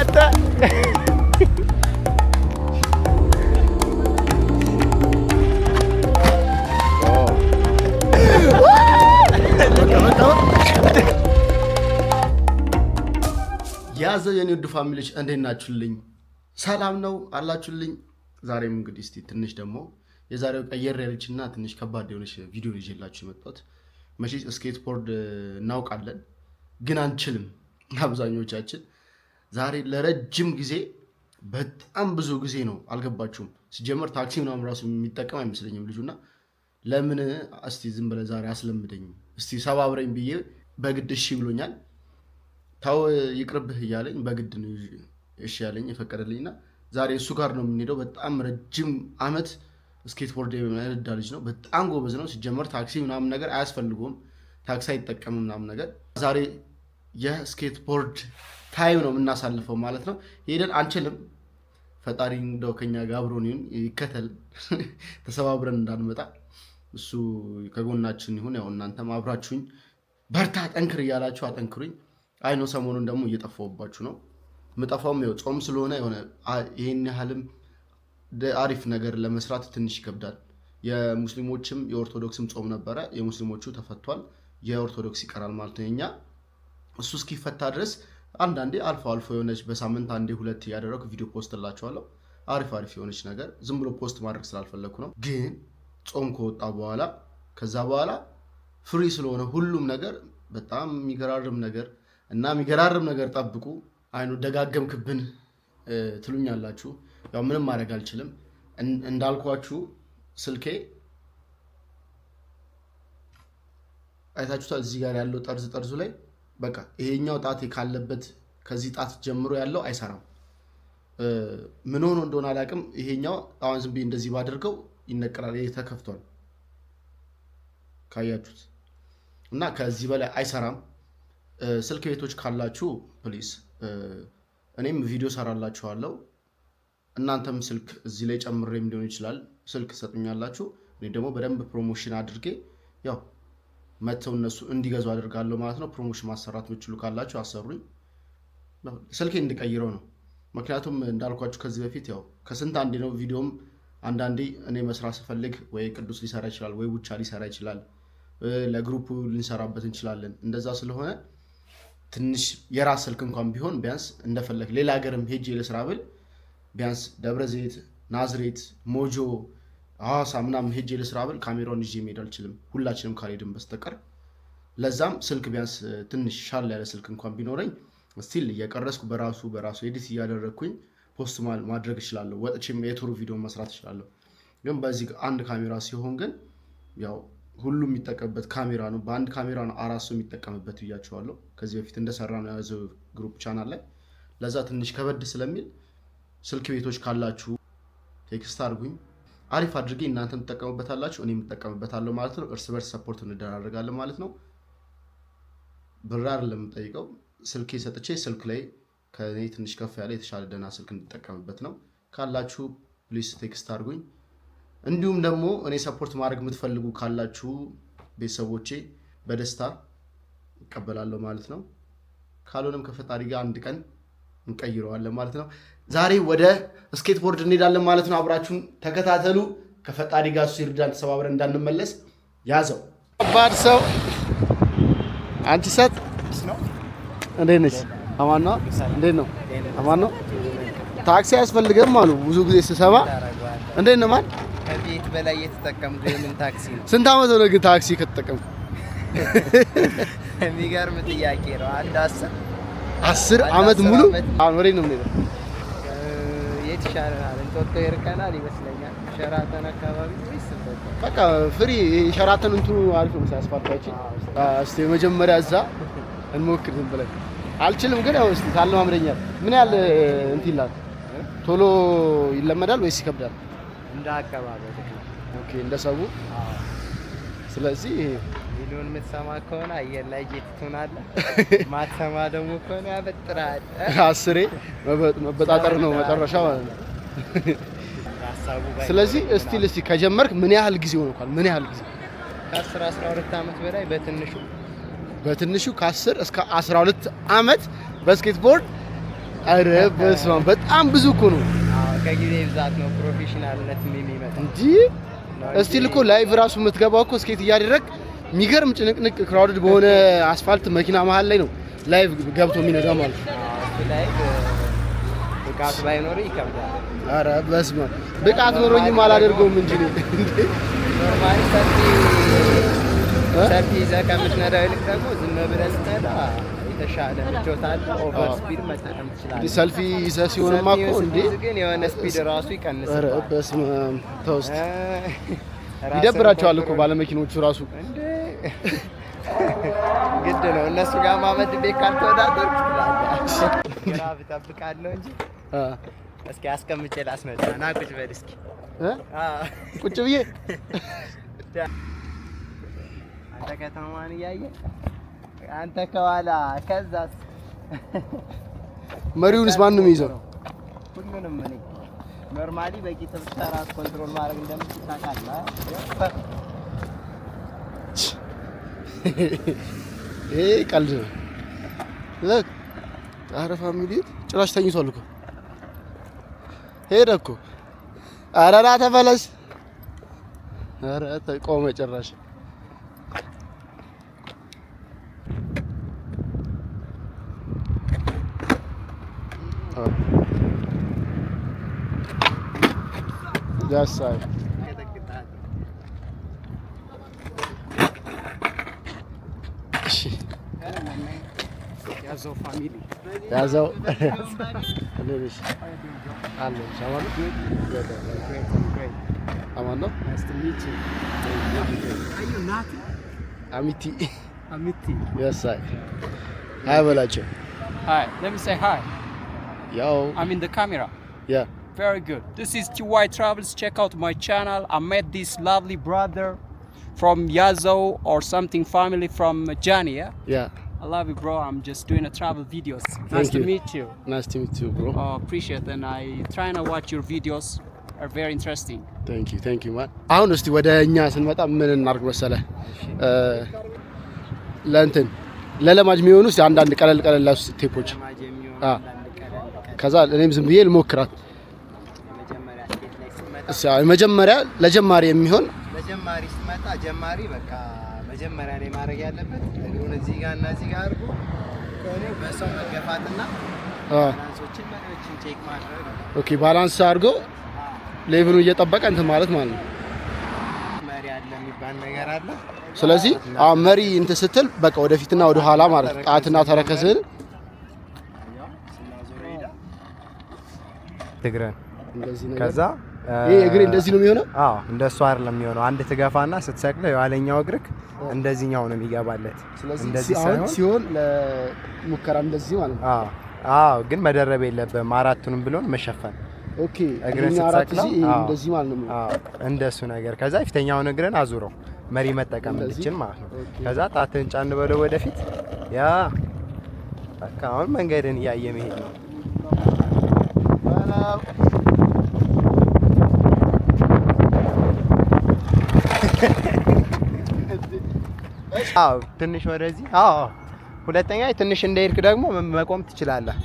아따. ያዘው የኔ ውድ ፋሚሊዎች እንዴት ናችሁልኝ? ሰላም ነው አላችሁልኝ? ዛሬም እንግዲህ እስኪ ትንሽ ደግሞ የዛሬው ቀየር ያለች እና ትንሽ ከባድ የሆነች ቪዲዮ ይዤላችሁ የመጣሁት መቼ ስኬትቦርድ እናውቃለን ግን አንችልም አብዛኞቻችን ዛሬ ለረጅም ጊዜ በጣም ብዙ ጊዜ ነው። አልገባችሁም? ሲጀመር ታክሲ ምናምን ራሱ የሚጠቀም አይመስለኝም ልጁና ለምን እስቲ ዝም ብለህ ዛሬ አስለምደኝ እስቲ ሰባብረኝ ብዬ በግድ እሺ ብሎኛል። ታው ይቅርብህ እያለኝ በግድ ነው እሺ ያለኝ የፈቀደልኝና ዛሬ እሱ ጋር ነው የምንሄደው። በጣም ረጅም ዓመት ስኬትቦርድ የነዳ ልጅ ነው። በጣም ጎበዝ ነው። ሲጀመር ታክሲ ምናምን ነገር አያስፈልገውም። ታክሲ አይጠቀምም ምናምን ነገር ዛሬ የስኬትቦርድ ታይም ነው የምናሳልፈው ማለት ነው። ሄደን አንችልም። ፈጣሪ እንደው ከኛ ጋር አብሮን ይሁን ይከተል፣ ተሰባብረን እንዳንመጣ እሱ ከጎናችን ይሁን። ያው እናንተም አብራችሁኝ በርታ፣ ጠንክር እያላችሁ አጠንክሩኝ። አይኖ ሰሞኑን ደግሞ እየጠፋሁባችሁ ነው። ምጠፋውም ያው ጾም ስለሆነ የሆነ ይህን ያህልም አሪፍ ነገር ለመስራት ትንሽ ይከብዳል። የሙስሊሞችም የኦርቶዶክስም ጾም ነበረ። የሙስሊሞቹ ተፈቷል፣ የኦርቶዶክስ ይቀራል ማለት ነው የኛ እሱ እስኪፈታ ድረስ አንዳንዴ አልፎ አልፎ የሆነች በሳምንት አንዴ ሁለት እያደረኩ ቪዲዮ ፖስት እላቸዋለሁ። አሪፍ አሪፍ የሆነች ነገር ዝም ብሎ ፖስት ማድረግ ስላልፈለግኩ ነው። ግን ጾም ከወጣ በኋላ ከዛ በኋላ ፍሪ ስለሆነ ሁሉም ነገር በጣም የሚገራርም ነገር እና የሚገራርም ነገር ጠብቁ። አይኑ ደጋገምክብን ትሉኛላችሁ። ያው ምንም ማድረግ አልችልም። እንዳልኳችሁ ስልኬ አይታችሁታል። እዚህ ጋር ያለው ጠርዝ ጠርዙ ላይ በቃ ይሄኛው ጣቴ ካለበት ከዚህ ጣት ጀምሮ ያለው አይሰራም። ምን ሆኖ እንደሆነ አላውቅም። ይሄኛው አሁን ዝም ብዬ እንደዚህ ባደርገው ይነቀላል። ይሄ ተከፍቷል ካያችሁት እና ከዚህ በላይ አይሰራም። ስልክ ቤቶች ካላችሁ ፕሊስ፣ እኔም ቪዲዮ ሰራላችኋለሁ። እናንተም ስልክ እዚህ ላይ ጨምሬም ሊሆን ይችላል ስልክ ሰጡኛላችሁ። እኔ ደግሞ በደንብ ፕሮሞሽን አድርጌ ያው መጥተው እነሱ እንዲገዙ አደርጋለሁ ማለት ነው። ፕሮሞሽን ማሰራት የምችሉ ካላችሁ አሰሩኝ። ስልኬ እንድቀይረው ነው። ምክንያቱም እንዳልኳችሁ ከዚህ በፊት ያው ከስንት አንዴ ነው ቪዲዮም አንዳንዴ እኔ መስራት ስፈልግ ወይ ቅዱስ ሊሰራ ይችላል፣ ወይ ውቻ ሊሰራ ይችላል፣ ለግሩፕ ልንሰራበት እንችላለን። እንደዛ ስለሆነ ትንሽ የራስ ስልክ እንኳን ቢሆን ቢያንስ እንደፈለግ ሌላ ሀገርም ሄጄ ልስራ ብል ቢያንስ ደብረ ዘይት፣ ናዝሬት፣ ሞጆ ሐዋሳ ምናምን ሄጄ ልስራ ብል ካሜራውን ይዤ መሄድ አልችልም፣ ሁላችንም ካልሄድን በስተቀር ለዛም ስልክ ቢያንስ ትንሽ ሻል ያለ ስልክ እንኳን ቢኖረኝ ስቲል እየቀረስኩ በራሱ በራሱ ኤዲት እያደረግኩኝ ፖስት ማድረግ እችላለሁ። ወጥቼም የቱር ቪዲዮ መስራት እችላለሁ። ግን በዚህ አንድ ካሜራ ሲሆን ግን ያው ሁሉ የሚጠቀምበት ካሜራ ነው። በአንድ ካሜራ ነው አራት ሰው የሚጠቀምበት ብያቸዋለሁ። ከዚህ በፊት እንደሰራ ነው ያዘ ግሩፕ ቻናል ላይ። ለዛ ትንሽ ከበድ ስለሚል ስልክ ቤቶች ካላችሁ ቴክስት አድርጉኝ። አሪፍ አድርጌ እናንተም ትጠቀሙበታላችሁ፣ እኔም የምጠቀምበታለሁ ማለት ነው። እርስ በርስ ሰፖርት እንደራረጋለን ማለት ነው። ብር አይደለም የምጠይቀው፣ ስልክ ሰጥቼ ስልክ ላይ ከኔ ትንሽ ከፍ ያለ የተሻለ ደህና ስልክ እንድጠቀምበት ነው። ካላችሁ ፕሊስ ቴክስት አድርጉኝ። እንዲሁም ደግሞ እኔ ሰፖርት ማድረግ የምትፈልጉ ካላችሁ ቤተሰቦቼ በደስታ እቀበላለሁ ማለት ነው። ካልሆነም ከፈጣሪ ጋር አንድ ቀን እንቀይረዋለን ማለት ነው። ዛሬ ወደ ስኬትቦርድ እንሄዳለን ማለት ነው። አብራችሁን ተከታተሉ። ከፈጣሪ ጋር እሱ ይርዳን። ተሰባብረን እንዳንመለስ ያዘው ከባድ ሰው አንቺ ሰጥ እንዴት ነች? አማን ነው። እንዴት ነው? አማን ነው። ታክሲ አያስፈልገም አሉ ብዙ ጊዜ ስሰማ። እንዴት ነው ማን ከቤት በላይ የተጠቀምኩ የምን ታክሲ ነው? ስንት አመት ሆነ ግን ታክሲ ከተጠቀምኩ? የሚገርም ጥያቄ ነው። አንድ አስር አስር አመት ሙሉ አሁን ወሬ ነው የምንሄደው? የት ይሻለናል? እንጦጦ ይርቀናል ይመስለኛል። ሸራተን አካባቢ በቃ ፍሪ ሸራተን እንትኑ አሪፍ ነው እዛ እንሞክር ዝም ብለን አልችልም፣ ግን ያው እስቲ ታለማምደኛል። ምን ያህል እንትን ይላል? ቶሎ ይለመዳል ወይስ ይከብዳል? እንደ አካባቢ ኦኬ፣ እንደ ሰው ስለዚህ ሚሊዮን የምትሰማ ከሆነ አየር ላይ ጌት ትሆናለህ። ማትሰማ ደግሞ ከሆነ ያበጥራል። አስሬ መበጣጠር ነው መጨረሻው። ስለዚህ እስቲ ከጀመርክ ምን ያህል ጊዜ ሆኗል? ምን ያህል ጊዜ ከአስር አስራ ሁለት አመት በላይ በትንሹ በትንሹ ከአስር እስከ አስራ ሁለት ዓመት በስኬትቦርድ። አረ በስመ በጣም ብዙ እኮ ነው። ከጊዜ ብዛት ነው ፕሮፌሽናልነት የሚመጣ እንጂ እስቲል እኮ ላይቭ ራሱ የምትገባው እኮ ስኬት እያደረግ የሚገርም ጭንቅንቅ ክራውድድ በሆነ አስፋልት መኪና መሀል ላይ ነው ላይቭ ገብቶ የሚነዳ ማለት ነው። ብቃት ባይኖር ይከብዳል። ኧረ በስመ አብ ብቃት ኖሮኝም አላደርገውም እንጂ ኖርማሊ ሰፊ ሰፊ ይዘህ ከምትነዳው ይልቅ ደግሞ ዝም ብለህ ስትነዳ የተሻለ ምቾት አለ። ኦቨር ስፒድ መጠቀም ትችላለህ። ሰልፊ ይዘህ ሲሆንማ እኮ እንዴ ግን የሆነ ስፒድ ራሱ ይቀንሳል። በስመ አብ ይደብራቸዋል እኮ ባለመኪኖቹ ራሱ ግድ ነው እነሱ ጋር ማመድ ቤት ካልተወዳደር እንጂ እስኪ አስቀምጬ ና ቁጭ በል እስኪ ቁጭ ብዬ አንተ ከተማን አንተ ከኋላ ከዛ መሪውንስ ማን ነው የሚይዘው? ሁሉንም ምን ኖርማሊ በቂት ብትሰራት ኮንትሮል ማድረግ እንደምትችል ታውቃለህ። ይሄ ቀልድ ነው። ለክ ኧረ ፋሚሊት ጭራሽ ተኝቷል እኮ ሄደ እኮ። ኧረ ና ተመለስ። ኧረ ቆመ ጭራሽ Ha. Gel sahip. Yazou família. Yazou. Anlamış. Anlamış. Ama ne? Ama ne? Nice to meet you. Are you Nati? Amiti. Amiti. Yes, sir. Hi, Velacho. Hi. Let me say hi. Yo. I'm in the camera. Yeah. Very good. This is TY Travels. Check out my channel. I met this lovely brother from Yazo or something family from Jani, yeah? Yeah. I love you, bro. I'm just doing a travel videos. Thank nice you. to meet you. Nice to meet you, bro. Oh, appreciate and I try and watch your videos. are very interesting. Thank you, thank you, man. አሁን እስቲ ወደ እኛ ስንመጣ ምን እናድርግ መሰለህ ለእንትን ለለማጅ የሚሆኑ አንዳንድ ቀለል ቀለል ቴፖች ከዛ እኔም ዝም ብዬ ልሞክራት። መጀመሪያ ለጀማሪ የሚሆን ለጀማሪ ስትመጣ ጀማሪ በቃ መጀመሪያ ላይ ማድረግ ያለበት እግሩን እዚህ ጋር እና እዚህ ጋር አድርጎ ከሆነ በሰው መገፋትና ባላንሶችን መሪዎችን ቼክ ማድረግ ኦኬ፣ ባላንስ አድርጎ ሌቭሉ እየጠበቀ እንትን ማለት ማለት ነው። መሪ አለ የሚባል ነገር አለ። ስለዚህ መሪ እንትን ስትል በቃ ወደፊትና ወደኋላ ማለት ጣትና ተረከዝህን ሁለት እግርን ከዛ ይሄ እግሬ እንደዚህ ነው የሚሆነው። አዎ እንደሱ አይደለም የሚሆነው። አንድ ትገፋና የኋለኛው እንደዚህኛው ነው የሚገባለት። ስለዚህ ሲሆን ለሙከራ እንደዚህ ማለት ነው። አዎ አዎ፣ ግን መደረብ የለብህም አራቱንም ብሎን መሸፈን። ኦኬ እግሬ ስትሰቅለ እንደዚህ ማለት ነው። አዎ እንደሱ ነገር። ከዛ የፊተኛውን እግርን አዙረው መሪ መጠቀም እንድችል ማለት ነው። ከዛ ጣትን ጫን በለው ወደፊት። ያ አሁን መንገድን እያየ መሄድ ነው። ነው። አዎ ትንሽ ወደዚህ። አዎ ሁለተኛ ትንሽ እንደሄድክ ደግሞ መቆም ትችላለህ።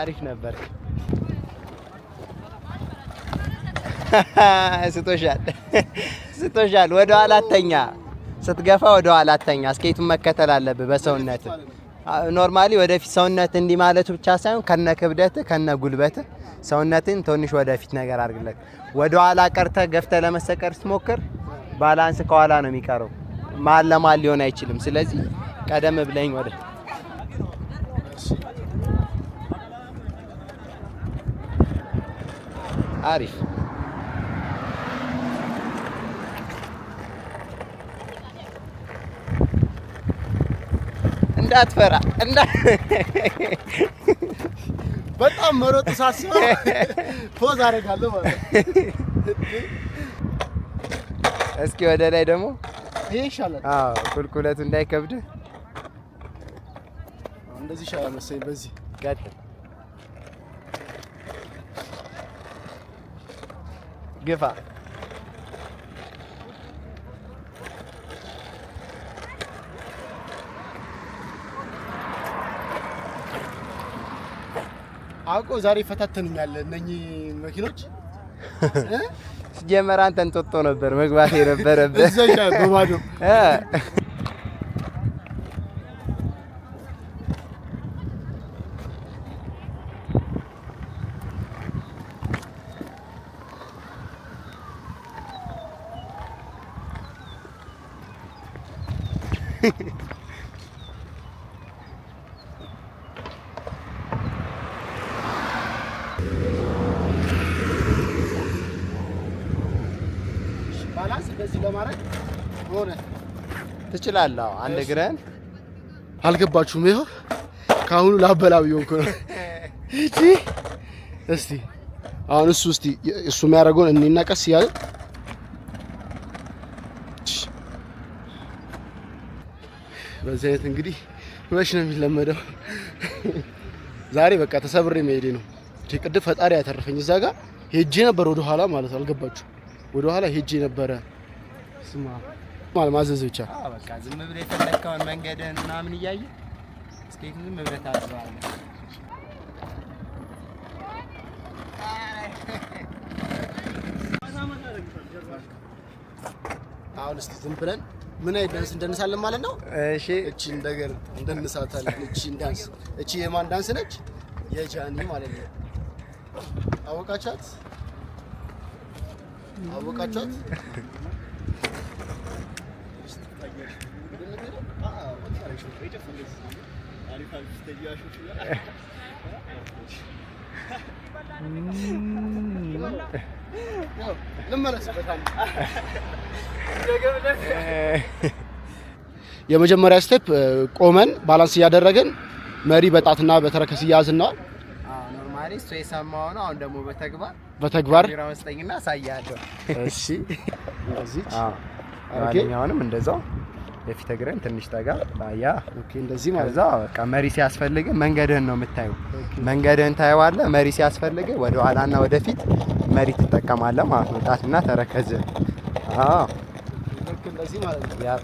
አሪፍ ነበር። ስቶሻል ስቶሻል። ወደ ኋላ አተኛ ስትገፋ ወደ ኋላ አተኛ። ስኬቱን መከተል አለብህ። በሰውነት ኖርማሊ ወደፊት ሰውነት እንዲህ ማለቱ ብቻ ሳይሆን ከነ ክብደት ከነ ጉልበት ሰውነትን ትንሽ ወደፊት ነገር አድርግለት። ወደ ኋላ ቀርተ ገፍተ ለመሰቀር ስትሞክር ባላንስ ከኋላ ነው የሚቀረው፣ መሀል ለማል ሊሆን አይችልም። ስለዚህ ቀደም ብለኝ ወደ አሪፍ እንዳትፈራ እና በጣም መሮጥ ሳስበው ፖዝ አደርጋለሁ ማለት እስኪ ወደ ላይ ደግሞ ይሄ ይሻላል። አዎ ቁልቁለቱ እንዳይከብድ እንደዚህ ይሻላል መሰለኝ። በዚህ ቀጥል፣ ግፋ አውቀው ዛሬ ይፈታተኑኛል እነኚህ መኪኖች። ሲጀመር አንተን ጦጦ ነበር መግባት የነበረብህ በባዶ ትችላለህ። አንድ እግረን አልገባችሁም? ይኸው ከአሁኑ ላበላብ እየሆንኩ ነው። እቺ እስቲ አሁን እሱ እስቲ እሱ የሚያደርገውን እኔና ቀስ እያለ በዚህ አይነት እንግዲህ መች ነው የሚለመደው? ዛሬ በቃ ተሰብሬ መሄዴ ነው። ቅድም ፈጣሪ ያተረፈኝ እዛ ጋር ሄጄ ነበር ወደኋላ ማለት አልገባችሁ? ወደኋላ ሄጄ ነበረ ስማ ማለት ማዘዝ ብቻ። በቃ ዝም ብለህ የፈለግከውን መንገድህን ምናምን እያየ ስኬት ዝም ብለህ ታዝባለህ። አሁን እስቲ ዝም ብለን ምን አይነት ዳንስ እንደንሳለን ማለት ነው። እሺ፣ እቺ እንደገር እንደንሳታለን። እቺ ዳንስ፣ እቺ የማን ዳንስ ነች? የጃኒ ማለት ነው። አወቃቻት፣ አወቃቻት የመጀመሪያ ስቴፕ ቆመን ባላንስ እያደረግን መሪ በጣትና በተረከስ እያያዝና ኖርማሊ እሱ የሰማው ነው። አሁን ደግሞ በተግባር በተግባር አሳያለሁ። እሺ፣ እንደዛው የፊት እግርን ትንሽ ጠጋ ያ እንደዚህ ማለት ነው። በቃ መሪ ሲያስፈልግ መንገድህን ነው የምታየው። መንገድህን ታየዋለህ። መሪ ሲያስፈልግ ወደ ኋላና ወደፊት መሪ ትጠቀማለህ ማለት ነው። ጣትና ተረከዝ አዎ፣ እንደዚህ ማለት ነው። ያ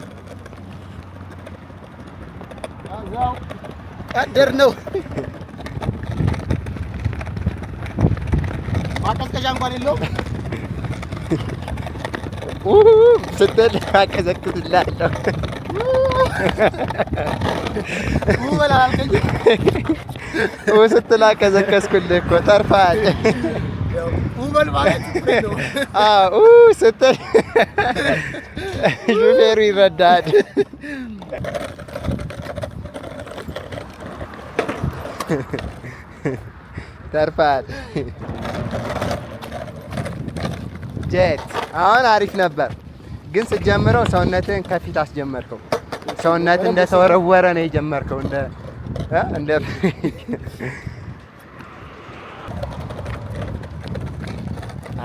ቀደር ነው። ማቀዝቀዣ እንኳን የለውም። ستضحك سكت اللحظة هو لا وست لا كزكس كلكم ترفع ومن ማለት ነው አዎ ስትል ሹፌሩ ይረዳል ተርፋል ጀት አሁን አሪፍ ነበር፣ ግን ስጀምረው ሰውነትን ከፊት አስጀመርከው። ሰውነት እንደተወረወረ ነው የጀመርከው። እንደ እንደ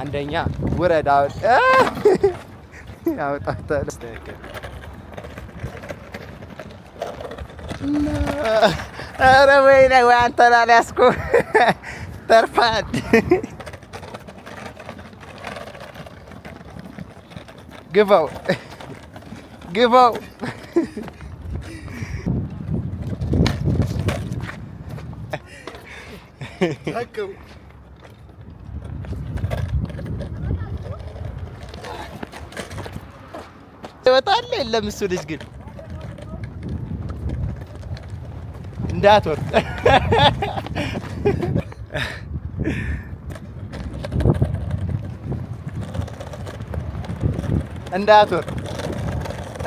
አንደኛ ውረድ ያውጣታል ኧረ ወይኔ ወይ አንተ አልያዝኩም ተርፋት Give out. Give out. تهكم ይወጣል የለም እሱ ልጅ ግን እንዳትወርቅ እንዳትወርድ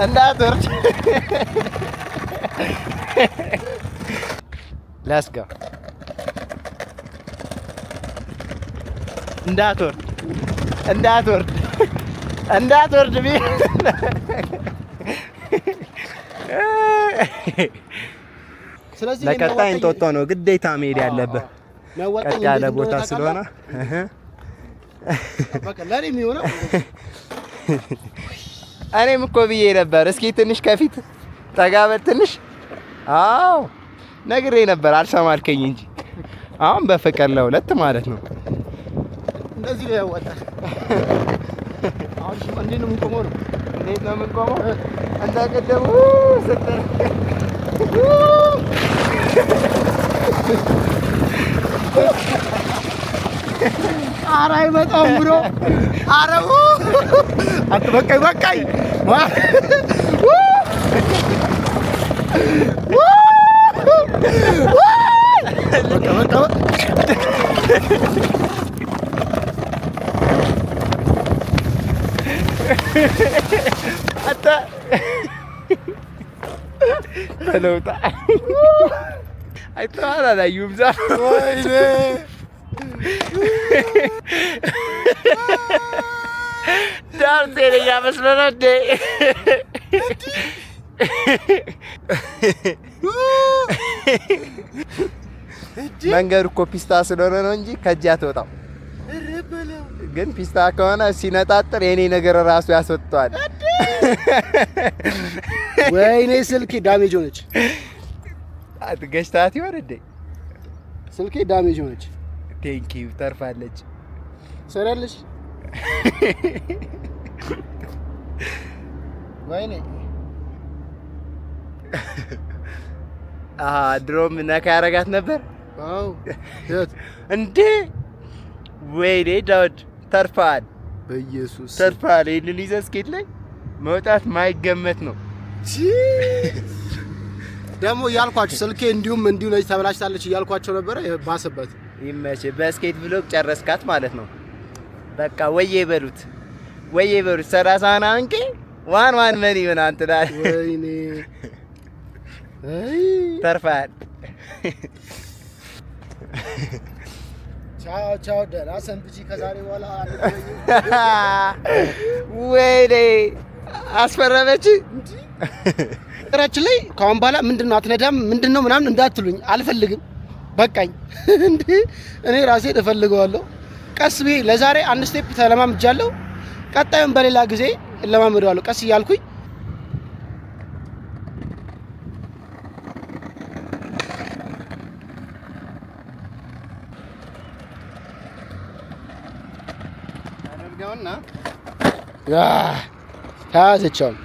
እንዳትወርድ ላስጋ እንዳትወርድ እንዳትወርድ እንዳትወርድ ድቢ ለቀጣይ እንጦጦ ነው ግዴታ መሄድ ያለብህ፣ ቀጥ ያለ ቦታ ስለሆነ እኔም እኮ ብዬ ነበር። እስኪ ትንሽ ከፊት ጠጋበል ትንሽ። አዎ ነግሬ ነበር አልሰማ አልከኝ እንጂ አሁን በፍቅር ለሁለት ማለት ነው። እንደዚህ ነው ያዋጣል። አሁን እንዴት ነው የምንቆመው? ነው እንዴት ነው የምንቆመው? እንዳቀደሙ ስትል ኧረ አይመጣም ብሎ ኧረ Atau bakai-bakai. Wah. Woo. Woo. Woo. Bakal, bakal. Ata. Hello, I thought né? that I used that. Why, በጣም ጤነኛ መስሎህ ነው እንዴ? መንገዱ እኮ ፒስታ ስለሆነ ነው እንጂ ከእጅ አትወጣም። ግን ፒስታ ከሆነ ሲነጣጥር የኔ ነገር ራሱ ያስወጥተዋል። ወይኔ ስልኬ ዳሜጅ ሆነች። ገሽታት ይሆን እንዴ? ስልኬ ዳሜጅ ሆነች። ቴንኪው ተርፋለች። ሰራለች ወይኔ ድሮም ነካ ያረጋት ነበር እንዴ? ወይኔ ዳውድ ተርፋል፣ በኢየሱስ ተርፋል። ይህንን ይዘህ እስኬት ላይ መውጣት ማይገመት ነው። ደግሞ እያልኳቸው ስልኬ እንዲሁም እንዲሁ ነች ተበላሽታለች እያልኳቸው ነበረ። ባስበት ይመችህ። በስኬት ብሎግ ጨረስካት ማለት ነው። በቃ ወዬ በሉት። ወይ ብር ሰላሳ ምናምን ኬ ዋን ዋን መኒ ምናምን ትላለህ። ወይኔ ተርፋል። ቻው ቻው፣ ደህና ሰንብቺ። ከዛሬ በኋላ ወይኔ አስፈረመች። ራችን ላይ ከአሁን በኋላ ምንድን ነው አትነዳም፣ ምንድን ነው ምናምን እንዳትሉኝ አልፈልግም። በቃኝ። እንዲህ እኔ ራሴ እፈልገዋለሁ። ቀስ ብዬ ለዛሬ አንድ ስቴፕ ተለማምጃለሁ። ቀጣዩን በሌላ ጊዜ እለማመደዋለሁ ቀስ እያልኩኝ ያደርገውና ተያዘችዋል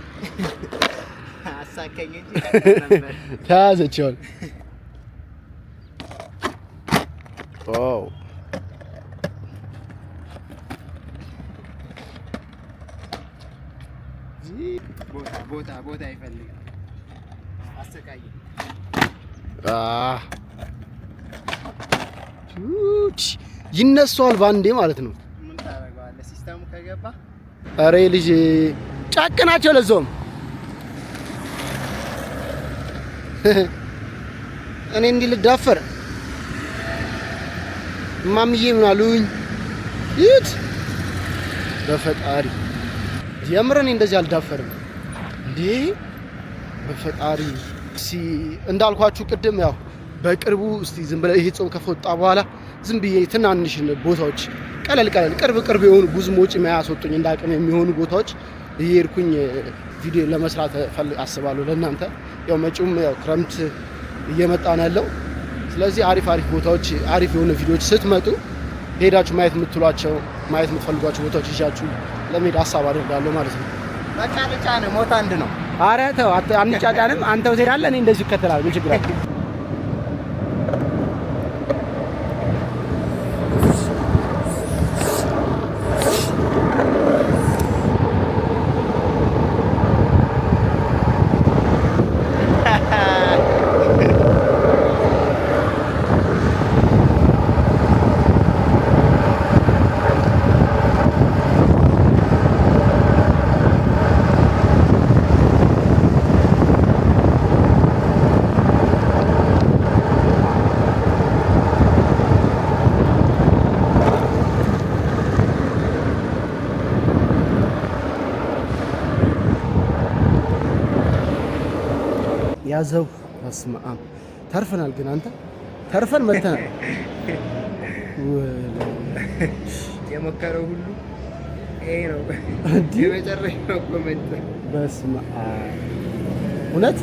ቦታ ቦታ ይፈልጋል። አሰቃየ ይነሷል ባንዴ ማለት ነው። ምን ታደርገዋለህ? ሲስተሙ ከገባ አሬ ልጅ ጫቅ ናቸው። ለዛውም እኔ እንዲህ ልዳፈር እማምዬ ምን አሉኝ? ይት በፈጣሪ የምር እኔ እንደዚህ አልዳፈርም። እንዴ በፈጣሪ እንዳልኳችሁ ቅድም ያው በቅርቡ እስቲ ዝም ብለ ይሄ ጾም ከፈጣ በኋላ ዝም ብዬ ትናንሽ ቦታዎች ቀለል ቀለል ቅርብ ቅርብ የሆኑ ብዙም ወጪ የማያስወጡኝ እንደ አቅም የሚሆኑ ቦታዎች እየሄድኩኝ ቪዲዮ ለመስራት አስባለሁ። ለእናንተ ያው መጪውም ያው ክረምት እየመጣ ነው ያለው። ስለዚህ አሪፍ አሪፍ ቦታዎች አሪፍ የሆነ ቪዲዮዎች ስትመጡ ሄዳችሁ ማየት የምትሏቸው ማየት የምትፈልጓቸው ቦታዎች ይዣችሁ ለመሄድ ሀሳብ አድርጋለሁ ማለት ነው። መጫጫ ነው ሞት አንድ ነው። ኧረ ተው አንጫጫንም። አንተው ትሄዳለህ፣ እኔ እንደዚህ ይከተላል። ምን ችግር አለ? ያዘው። በስመ አብ ተርፈናል። ግን አንተ ተርፈን መተናል። የመከረው ሁሉ በስመ አብ እውነት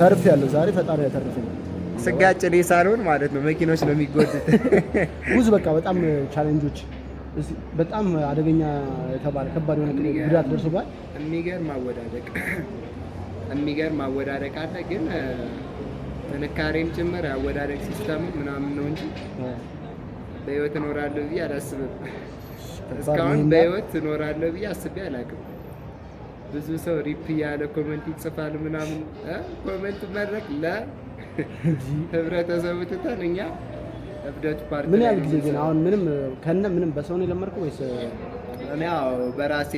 ተርፍ ያለው ዛሬ ፈጣሪ ያተርፈኝ። ስጋጭ እኔ ሳልሆን ማለት ነው መኪኖች ነው የሚጎዱት። ብዙ በቃ በጣም ቻሌንጆች በጣም አደገኛ የተባለ ከባድ የሆነ ጉዳት ደርሶባል። የሚገርም አወዳደቅ የሚገርም አወዳደቅ አለ። ግን ጥንካሬም ጭምር አወዳደቅ ሲስተም ምናምን ነው እንጂ በህይወት እኖራለሁ ብዬ አላስብም። እስካሁን በህይወት እኖራለሁ ብዬ አስቤ አላውቅም። ብዙ ሰው ሪፕ ያለ ኮመንት ይጽፋል ምናምን ኮመንት መድረክ ለህብረተሰቡ ትተን እኛ እብደቱ ፓርቲ ምን ያህል ጊዜ ግን አሁን ምንም ከነ ምንም በሰው ነው የለመድኩ ወይስ እኔ በራሴ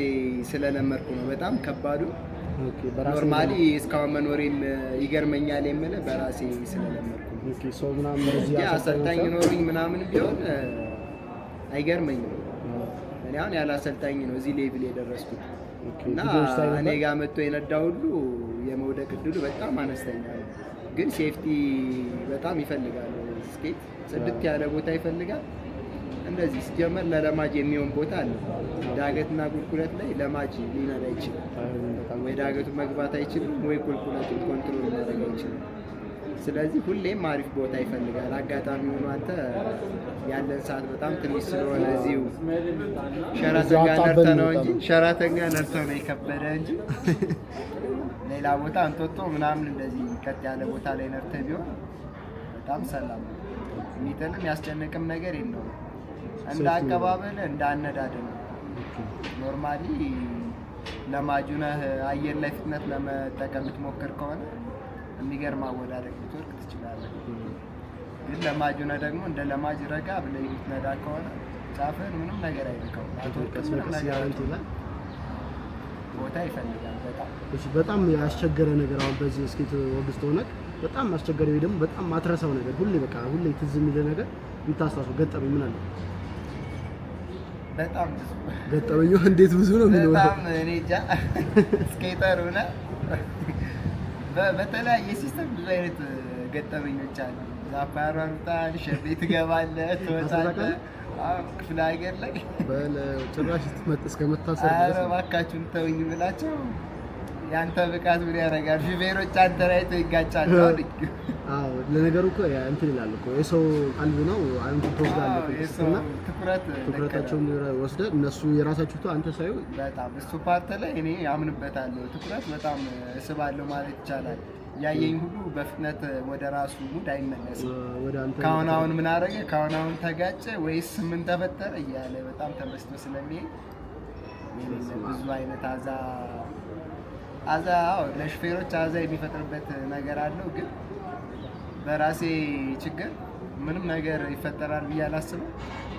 ስለለመድኩ ነው በጣም ከባዱ ኖርማሊ እስካሁን መኖሬም ይገርመኛል የምልህ በራሴ ስለለመድኩ አሰልጣኝ ኖሩኝ ምናምን ቢሆን አይገርመኝም። እኔ አሁን ያለ አሰልጣኝ ነው እዚህ ሌቪል የደረስኩት እና እኔ ጋር መጥቶ የነዳ ሁሉ የመውደቅ እድሉ በጣም አነስተኛ ነው። ግን ሴፍቲ በጣም ይፈልጋል። ስኬት ጽድት ያለ ቦታ ይፈልጋል። እንደዚህ ሲጀመር ለለማጅ የሚሆን ቦታ አለ። ዳገትና ቁልቁለት ላይ ለማጅ ሊነዳ አይችልም። ወይ ዳገቱ መግባት አይችልም፣ ወይ ቁልቁለቱ ኮንትሮል ሊያደርግ አይችልም። ስለዚህ ሁሌም አሪፍ ቦታ ይፈልጋል። አጋጣሚ ሆኖ አንተ ያለን ሰዓት በጣም ትንሽ ስለሆነ እዚሁ ሸራተን ጋር ነርተ ነው እንጂ ሸራተን ጋር ነርተ ነው የከበደ እንጂ ሌላ ቦታ እንጦጦ ምናምን እንደዚህ ቀጥ ያለ ቦታ ላይ ነርተ ቢሆን በጣም ሰላም ነው። የሚጥልም ያስጨንቅም ነገር የለውም። እንደ አቀባበል እንደ አነዳድ ነው። ኖርማሊ ለማጁነህ አየር ላይ ፍጥነት ለመጠቀም ትሞክር ከሆነ የሚገርም አወዳደቅ ልትወርቅ ትችላለህ። ግን ለማጁነህ ደግሞ እንደ ለማጅ ረጋ ብለህ የምትነዳ ከሆነ ጫፍህን ምንም ነገር አይልከው ቦታ ይፈልጋል። በጣም በጣም ያስቸገረ ነገር አሁን በዚህ ስኬት ወግስት ሆነህ በጣም አስቸገረ ወይ ደግሞ በጣም ማትረሳው ነገር ሁሌ በቃ ሁሌ ትዝ የሚልህ ነገር የምታስታውሰው ገጠመኝ ምን አለ? በጣም ብዙ ገጠመኛ። እንዴት ብዙ ነው የሚለው በጣም እኔ እንጃ። ስኬተር ሆነ በተለያየ ሲስተም ብዙ አይነት ገጠመኞች አሉ። ዛፍ ያሯሩጣል፣ ሸቤ ትገባለህ፣ ትወጣለህ። ክፍለ ሀገር ላይ ጭራሽ እስከመታሰር እባካችሁን ተውኝ ብላቸው ያንተ ብቃት ምን ያደርጋል? ፊቬሮች አንተ ላይ ይጋጫል። አዎ ለነገሩ እኮ እንትን ይላል እኮ የሰው ቀልብ ነው። አንተ ትወስዳለህ እና ትኩረታቸውን ወስደህ እነሱ የራሳችሁ ትቶ አንተ ሳይሆን በጣም እሱ ፓርት ላይ እኔ አምንበታለሁ። ትኩረት በጣም እስባለሁ ማለት ይቻላል። ያየኝ ሁሉ በፍጥነት ወደ ራሱ ሙድ አይመለስም። ከአሁን አሁን ምን አደረገ፣ ከአሁን አሁን ተጋጨ ወይስ ምን ተፈጠረ እያለ በጣም ተመስቶ ስለሚሄድ ብዙ አይነት አዛ አዛ ለሹፌሮች አዛ የሚፈጥርበት ነገር አለው። ግን በራሴ ችግር ምንም ነገር ይፈጠራል ብዬ አላስብም።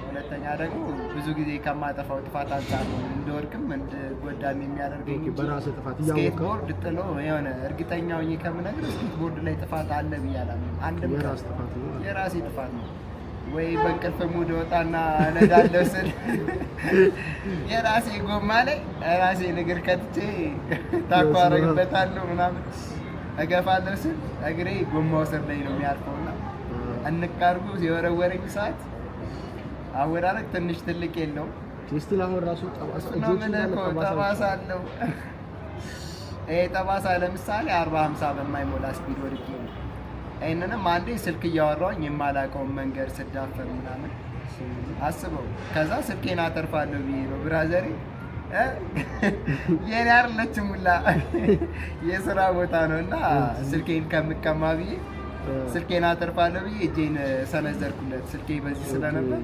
ሁለተኛ ደግሞ ብዙ ጊዜ ከማጠፋው ጥፋት አንጻር ነው እንደወድቅም እንድጎዳም የሚያደርገኝ። ስኬት ቦርድ ጥሎ የሆነ እርግጠኛ ሆኜ ከምነግር ስኬትቦርድ ላይ ጥፋት አለ ብዬ አላምንም። አንድም የራሴ ጥፋት ነው ወይ በእንቅልፍ ሙድ ወጣና እነዳለሁ ስል የራሴ ጎማ ላይ ራሴ እግር ከትቼ ታኳረግበታለሁ ምናምን እገፋለሁ ስል እግሬ ጎማው ስር ላይ ነው የሚያርፈው እና እንቃርጉ የወረወረኝ ሰዓት አወራረግ ትንሽ ትልቅ የለውም። ስቲል አሁን ራሱ ጠባሳ አለው። ይሄ ጠባሳ ለምሳሌ አርባ ሀምሳ በማይሞላ ስፒድ ወድቄ ነው። ይህንንም አንዴ ስልክ እያወራውኝ የማላውቀውን መንገድ ስዳፈር ምናምን አስበው። ከዛ ስልኬን አተርፋለሁ ብዬ ነው ብራዘሬ። የኔ አይደለችም ሁላ የስራ ቦታ ነው እና ስልኬን ከምቀማ ብዬ ስልኬን አተርፋለሁ ብዬ እጄን ሰነዘርኩለት። ስልኬ በዚህ ስለነበር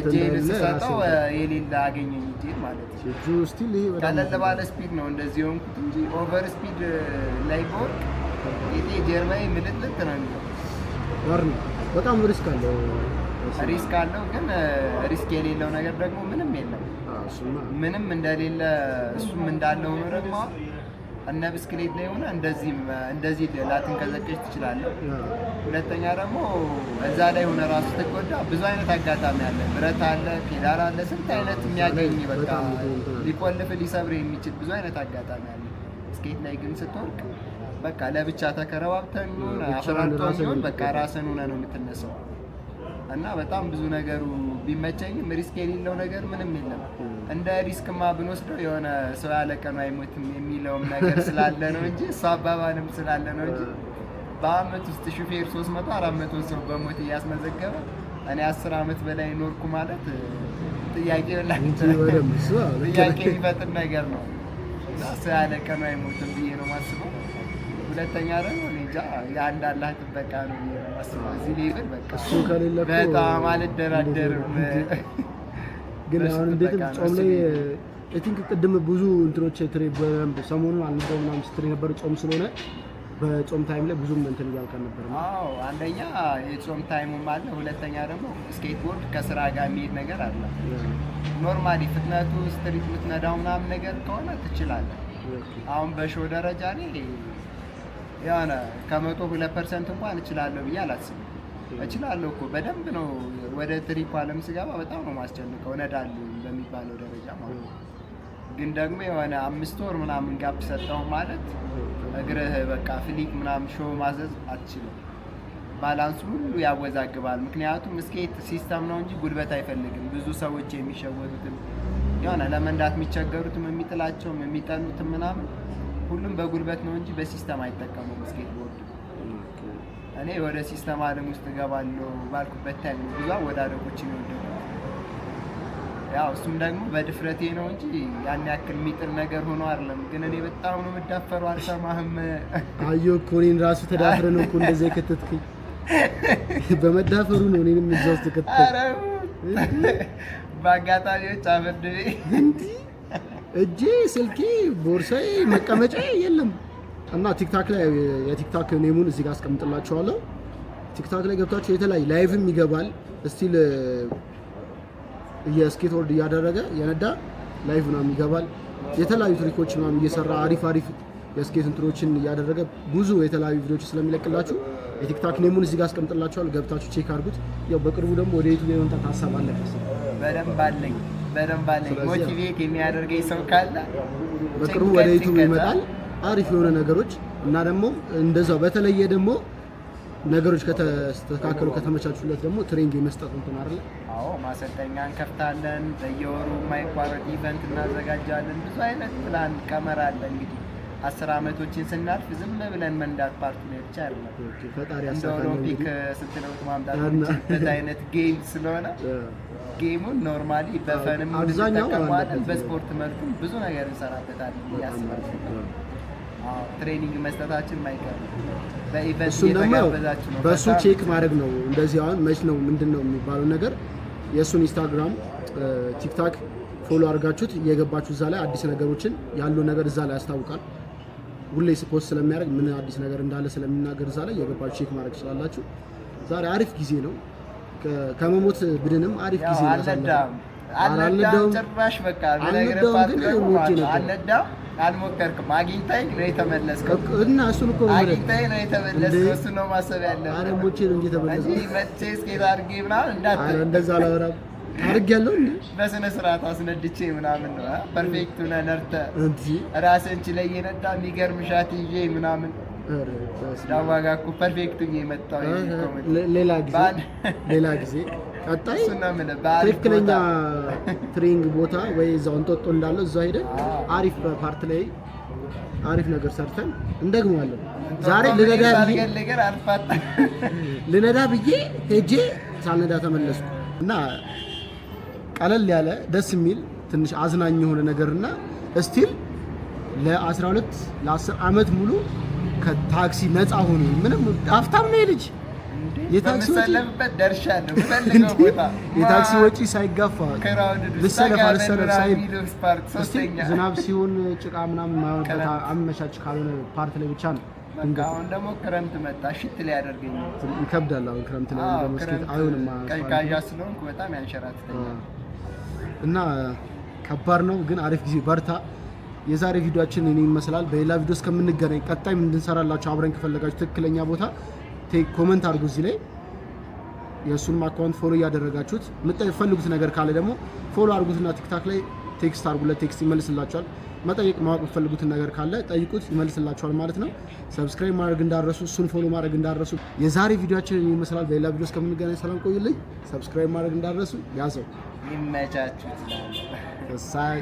እጄን ስሰጠው የሌላ አገኘኝ እጄን ማለት ነው። ቀለል ባለ ስፒድ ነው እንደዚህ ሆንኩት እንጂ ኦቨር ስፒድ ላይ በወርቅ ጌጤ ጀርባዬ ምልጥልጥ ነው የሚለው። በጣም ሪስክ አለው። ሪስክ አለው፣ ግን ሪስክ የሌለው ነገር ደግሞ ምንም የለም። ምንም እንደሌለ እሱም እንዳለው ነው። ደግሞ እነ ብስክሌት ላይ ሆነ እንደዚህ ከዘቀች ትችላለህ። ሁለተኛ ደግሞ እዛ ላይ ሆነ ራሱ ስትጎዳ ብዙ አይነት አጋጣሚ አለ። ብረት አለ፣ ፔዳል አለ፣ ስንት አይነት የሚያገኝ በቃ ሊቆልፍ ሊሰብር የሚችል ብዙ አይነት አጋጣሚ አለ። ስኬት ላይ ግን ስትወርቅ በቃ ለብቻ ተከረባብተን አፈራርቶ በቃ ራስን ሆነ ነው የምትነሳው። እና በጣም ብዙ ነገሩ ቢመቸኝም ሪስክ የሌለው ነገር ምንም የለም። እንደ ሪስክማ ብንወስደው የሆነ ሰው ያለ ቀኑ አይሞትም የሚለውም ነገር ስላለ ነው እንጂ እሱ አባባልም ስላለ ነው እንጂ በአመት ውስጥ ሹፌር ሶስት መቶ አራት መቶ ሰው በሞት እያስመዘገበ እኔ አስር አመት በላይ ኖርኩ ማለት ጥያቄ ላጥያቄ የሚፈጥር ነገር ነው። ሰው ያለ ቀኑ አይሞትም ብዬ ነው ማስበው። ሁለተኛ ደግሞ እንጃ የአንድ አላህ ጥበቃ ነው የሚመስለው። እዚህ ሌቭል በቃ እሱ ከሌለ በጣም አልደራደርም። ግን አሁን እንዴት ጾም ላይ አይ ቲንክ ቅድም ብዙ እንትኖች ትሬ በደንብ ሰሞኑን አልነበረ ምናምን ስትሬ ነበር ጾም ስለሆነ በጾም ታይም ላይ ብዙም እንትን እያልከ ነበር። አዎ አንደኛ የጾም ታይም አለ፣ ሁለተኛ ደግሞ ስኬትቦርድ ከስራ ጋር የሚሄድ ነገር አለ። ኖርማሊ ፍጥነቱ ስትሪት ምትነዳው ምናምን ነገር ከሆነ ትችላለህ። አሁን በሾ ደረጃ እኔ የሆነ ከመቶ ሁለት ፐርሰንት እንኳን እችላለሁ ብዬ አላስብም። እችላለሁ እኮ በደንብ ነው። ወደ ትሪፕ አለም ስገባ በጣም ነው ማስጨንቀው እነዳለሁ በሚባለው ደረጃ ማለት ነው። ግን ደግሞ የሆነ አምስት ወር ምናምን ጋፕ ሰጠው ማለት እግርህ በቃ ፍሊክ ምናምን ሾ ማዘዝ አትችልም። ባላንሱ ሁሉ ያወዛግባል። ምክንያቱም ስኬት ሲስተም ነው እንጂ ጉልበት አይፈልግም። ብዙ ሰዎች የሚሸወዱትም የሆነ ለመንዳት የሚቸገሩትም የሚጥላቸውም የሚጠኑትም ምናምን ሁሉም በጉልበት ነው እንጂ በሲስተም አይጠቀሙም። ስኬትቦርድ እኔ ወደ ሲስተም አለም ውስጥ እገባለሁ ባልኩበት ታይም ነው ብዙ አወዳደቆችን የወደቁት። ያው እሱም ደግሞ በድፍረቴ ነው እንጂ ያን ያክል የሚጥል ነገር ሆኖ አይደለም። ግን እኔ በጣም ነው የምዳፈረው። አልሰማህም? አየሁ እኮ እኔን ራሱ ተዳፍረ ነው እኮ እንደዚያ የከተትክኝ። በመዳፈሩ ነው እኔንም እዛ ውስጥ ከተ በአጋጣሚዎች አበድቤ እንዲህ እጄ፣ ስልኬ፣ ቦርሳዬ፣ መቀመጫ የለም እና ቲክታክ ላይ የቲክታክ ኔሙን እዚህ ጋር አስቀምጥላችኋለሁ። ቲክታክ ላይ ገብታችሁ የተለያዩ ላይቭም ይገባል እስቲል የስኬትቦርድ እያደረገ የነዳ ላይቭ ምናምን ይገባል። የተለያዩ ትሪኮች ምናምን እየሰራ አሪፍ አሪፍ የስኬት እንትኖችን እያደረገ ብዙ የተለያዩ ቪዲዮች ስለሚለቅላችሁ የቲክታክ ኔሙን እዚህ ጋር አስቀምጥላችኋል። ገብታችሁ ቼክ አድርጉት። ያው በቅርቡ ደግሞ ወደ ዩቱብ የመምጣት ሀሳብ አለ በደንብ አለኝ። በደንብ አለኝ። ሞቲቬት የሚያደርገኝ ሰው ካለ በቅርቡ ወደ ዩቱብ ይመጣል። አሪፍ የሆነ ነገሮች እና ደግሞ እንደዛው በተለየ ደግሞ ነገሮች ከተስተካከሉ ከተመቻቹለት ደግሞ ትሬኒንግ የመስጠት እንትን አለ። አዎ ማሰልጠኛ እንከፍታለን። በየወሩ የማይቋረጥ ኢቨንት እናዘጋጃለን። ብዙ አይነት ፕላን ቀመር አለ። እንግዲህ አስር አመቶችን ስናልፍ ዝም ብለን መንዳት ፓርቲ ላይ ብቻ አይደለም። ፈጣሪ እንደ ኦሎምፒክ ስትለውት ማምጣት በት አይነት ጌም ስለሆነ ጌሙን ኖርማሊ በፈንም እንጠቀመዋለን፣ በስፖርት መልኩም ብዙ ነገር እንሰራበታለን እያስባለሁ። ትሬኒንግ መስጠታችን ማይቀር በኢቨንት እየተጋበዛችሁ በእሱ ቼክ ማድረግ ነው። እንደዚህ አሁን መች ነው ምንድን ነው የሚባለው ነገር የእሱን ኢንስታግራም፣ ቲክታክ ፎሎ አድርጋችሁት እየገባችሁ እዛ ላይ አዲስ ነገሮችን ያሉ ነገር እዛ ላይ ያስታውቃል። ሁሌ ስፖስት ስለሚያደርግ ምን አዲስ ነገር እንዳለ ስለሚናገር እዛ ላይ እየገባችሁ ቼክ ማድረግ ትችላላችሁ። ዛሬ አሪፍ ጊዜ ነው። ከመሞት ብድንም አሪፍ ጊዜ አልነዳም ጭራሽ በቃ አልነዳም። አልሞከርክም። አግኝታኝ ነው የተመለስከው እና እሱን እኮ ነው አግኝታኝ ነው የተመለስከው። እሱ ነው ማሰብ ያለብህ። ኧረ ሞቼ ነው እንጂ የተመለስከው እንጂ መቼ እስኬት አድርጌ ምናምን እንዳትል። እንደዛ አላወራም። አድርጌያለሁ እንደ በስነ ስርዓት አስነድቼ ምናምን ነው ፐርፌክት ነህ ነርተህ ራስህን ችለህ እየነዳ የሚገርምሻት ሻት ይዤ ምናምን ዳዋ ጋር እኮ ፐርፌክት የመጣው ሌላ ጊዜ ሌላ ጊዜ ቀጣይ ትክክለኛ ትሬኒንግ ቦታ ወይ እዛው እንጦጦ እንዳለው እዛው ሄደን አሪፍ ፓርት ላይ አሪፍ ነገር ሰርተን እንደግመዋለን። ዛሬ ልነዳ ብዬ ልነዳ ብዬ ሄጄ ሳልነዳ ተመለስኩ እና ቀለል ያለ ደስ የሚል ትንሽ አዝናኝ የሆነ ነገርና እስቲል ለ12 ለ10 ዓመት ሙሉ ከታክሲ ነፃ ሆኖ ምንም ሀብታም ነው ልጅ የታክሲ ወጪ ሳይጋፋ ልሰለፍ አልሰለፍ ሳይል ዝናብ ሲሆን ጭቃ ምናምን ማይሆንበት አመቻች ካልሆነ ፓርት ላይ ብቻ ነው። አሁን ደግሞ ክረምት መጣ፣ ሽት ላይ ያደርገኝ ይከብዳል። አሁን ክረምት ላይ ደግሞ ስኬት አይሆንም፣ ቀዝቃዣ ስለሆንኩ በጣም ያንሸራትተኛል እና ከባድ ነው። ግን አሪፍ ጊዜ በርታ። የዛሬ ቪዲዮችን እኔ ይመስላል። በሌላ ቪዲዮ እስከምንገናኝ ቀጣይ እንድንሰራላችሁ አብረን ከፈለጋችሁ ትክክለኛ ቦታ ኮመንት አድርጉ እዚህ ላይ የእሱንም አካውንት ፎሎ እያደረጋችሁት የምትፈልጉት ነገር ካለ ደግሞ ፎሎ አድርጉትና ቲክታክ ላይ ቴክስት አድርጉለት፣ ቴክስት ይመልስላችኋል። መጠየቅ ማወቅ የምትፈልጉትን ነገር ካለ ጠይቁት፣ ይመልስላችኋል ማለት ነው። ሰብስክራይብ ማድረግ እንዳረሱ፣ እሱን ፎሎ ማድረግ እንዳረሱ። የዛሬ ቪዲዮችን ይመስላል። በሌላ ቪዲዮ እስከምንገናኝ ሰላም ቆዩልኝ። ሰብስክራይብ ማድረግ እንዳረሱ ያዘው ይመቻችሁ። ሳይ